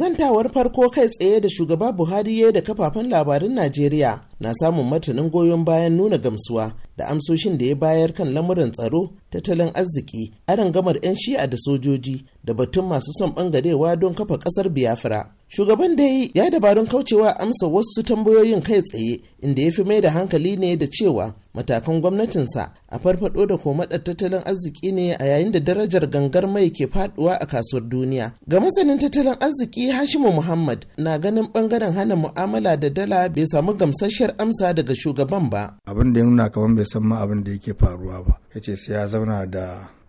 Zantawar farko kai tsaye da shugaba Buhari ya da kafafen labarin Najeriya na samun matanin goyon bayan nuna gamsuwa da amsoshin da ya bayar kan lamurin tsaro, tattalin arziki, rangamar 'yan shi'a da sojoji da batun masu son bangarewa don kafa ƙasar Biafra. shugaban dai ya dabarun kaucewa amsa wasu tambayoyin kai tsaye inda ya fi mai da hankali ne da cewa matakan gwamnatinsa a farfado da komadar tattalin arziki ne a yayin da darajar gangar mai ke faduwa a kasuwar duniya ga masanin tattalin arziki hashimu muhammad na ganin bangaren hana mu'amala da dala bai samu gamsasshiyar amsa daga shugaban ba abin da ya nuna kamar bai san ma abin da yake faruwa ba yace sai ya zauna da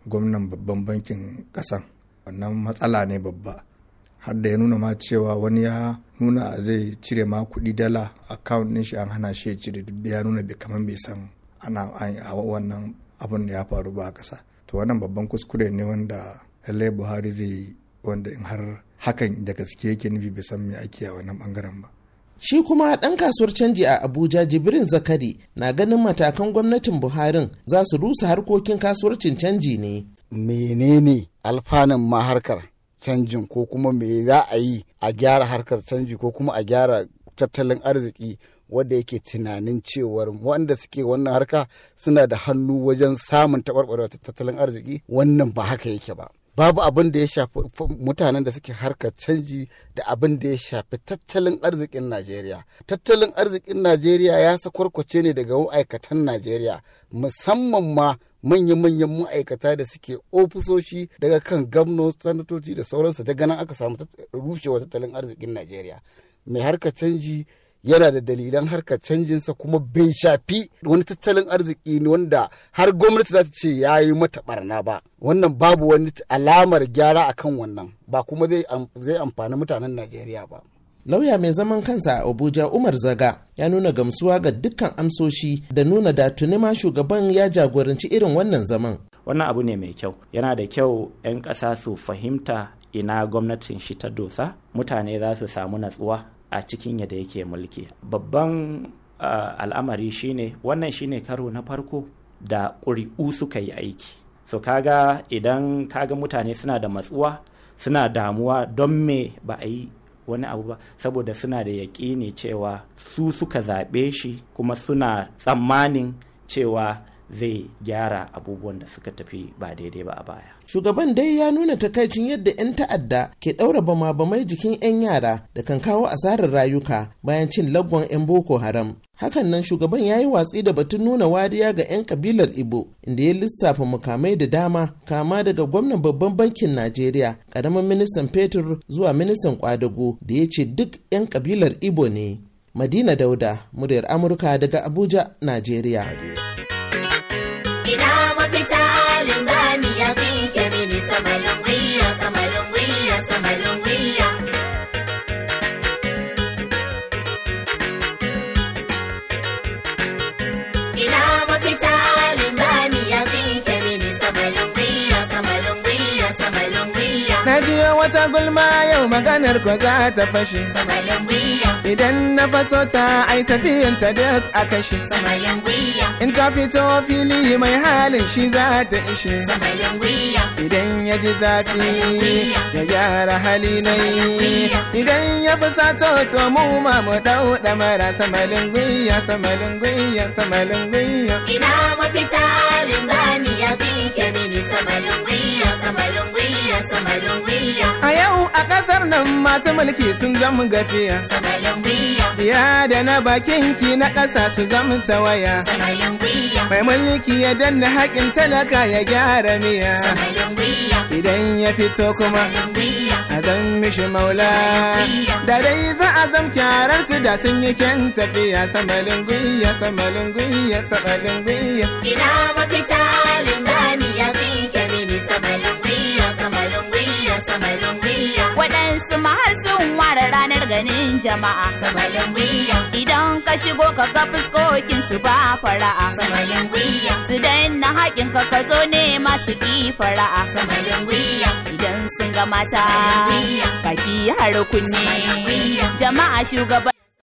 gwamnan babban bankin kasan wannan matsala ne babba har da ya nuna ma cewa wani ya nuna a zai cire ma kuɗi dala account ɗin shi an hana shi ya cire duk ya nuna bai kamar bai san ana a wannan abin da ya faru ba a ƙasa to wannan babban kuskure ne wanda lallai buhari zai yi wanda in har hakan da gaske yake nufi bai san me ake a wannan bangaren ba shi kuma ɗan kasuwar canji a abuja jibrin zakari na ganin matakan gwamnatin buharin za su rusa harkokin kasuwarcin canji ne menene alfanun maharkar. canjin ko kuma me za a yi a gyara harkar canji ko kuma a gyara tattalin arziki wanda yake tunanin cewar wanda suke wannan harka suna da hannu wajen samun taɓarɓarewa tattalin arziki wannan ba haka yake ba babu abin da ya shafi mutanen da suke harkar canji da abin da ya shafi tattalin arzikin najeriya tattalin arzikin najeriya ya sakwarkwace ne daga ma'aikatan najeriya musamman ma manya-manyan ma'aikata da suke ofisoshi daga kan gamno sanatoci da sauransu daga nan aka samu rushewa tattalin arzikin najeriya mai harkar canji yana da dalilan harka canjinsa kuma bai shafi wani tattalin arziki wanda har gwamnati za ta ce ya yi mata barna ba wannan babu wani alamar gyara akan wannan ba kuma zai amfani mutanen najeriya ba lauya mai zaman kansa a abuja umar zaga ya nuna gamsuwa ga dukkan amsoshi da nuna da tuni ma shugaban ya jagoranci irin wannan zaman wannan abu ne mai kyau yana da kyau 'yan ƙasa su fahimta ina gwamnatin shi ta dosa mutane za su samu natsuwa a cikin yadda yake mulki babban al'amari shine wannan shine karo na farko da ƙuri'u suka yi aiki so kaga idan kaga mutane suna da matsuwa suna damuwa don me ba a yi wani abu ba saboda suna da yaƙini cewa su suka zaɓe shi kuma suna tsammanin cewa zai gyara abubuwan da suka tafi ba daidai ba a baya. Shugaban dai ya nuna takaicin yadda 'yan ta'adda ke ɗaura bama-bamai jikin 'yan yara da kan kawo asarar rayuka bayan cin lagwan 'yan Boko Haram. Hakan nan shugaban ya yi watsi da batun nuna wariya ga 'yan kabilar Ibo inda ya lissafa mukamai da dama kama daga gwamnan babban bankin Najeriya, ƙaramin ministan fetur zuwa ministan kwadago da ya ce duk 'yan kabilar Ibo ne. Madina Dauda, muryar Amurka daga Abuja, Najeriya. wata gulma yau maganar ko za ta fashe idan na faso ta ai safiyan ta duk a kashe in ta fito fili mai halin shi za ta ishe idan ya ji zafi ya gyara hali nai idan ya fi sato to mu ma mu dau mara samalin gwiya samalin gwiya samalin gwiya ina mafita linzani masu mulki sun zama gafiya biya da na bakin ki na ƙasa su zama tawaya mai mulki ya danna haƙin talaka ya gyara miya idan ya fito kuma a mishi maula da dai za a zam kyarar su da sun yi kyan tafiya samalin guyya samalin guyya samalin guyya ina mafita linzami ya tsinke mini samalin maganin jama'a samalin wiya idan ka shigo ka ga fuskokin su ba fara'a samalin wiya su daina haƙin ka ka zo ne masu ki fara'a samalin wiya idan sun ga mata ki har kunne jama'a shugaba